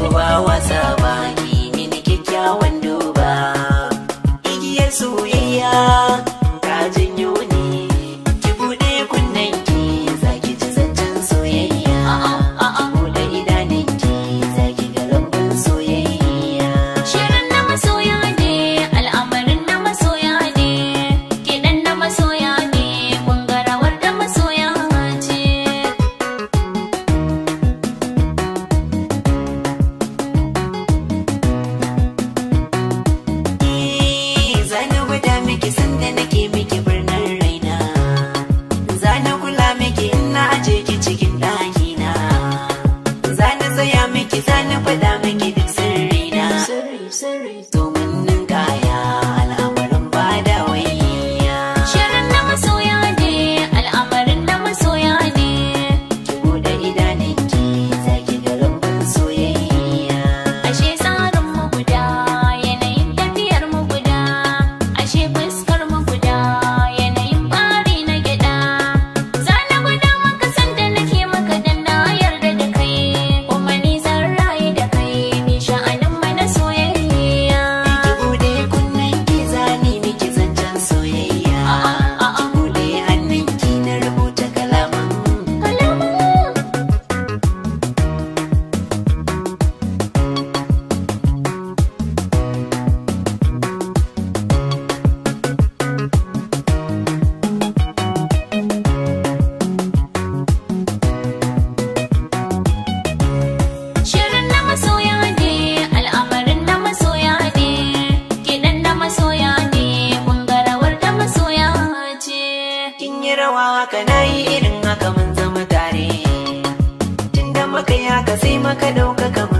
su ba wasa ba series. Don't kasima ka ɗauka maka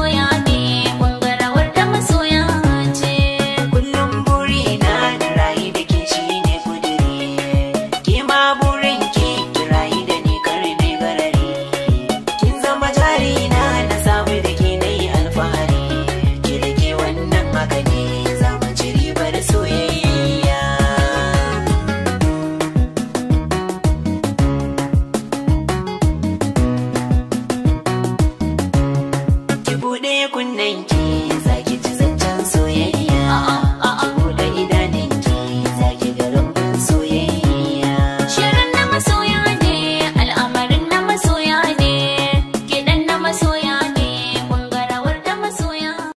tôi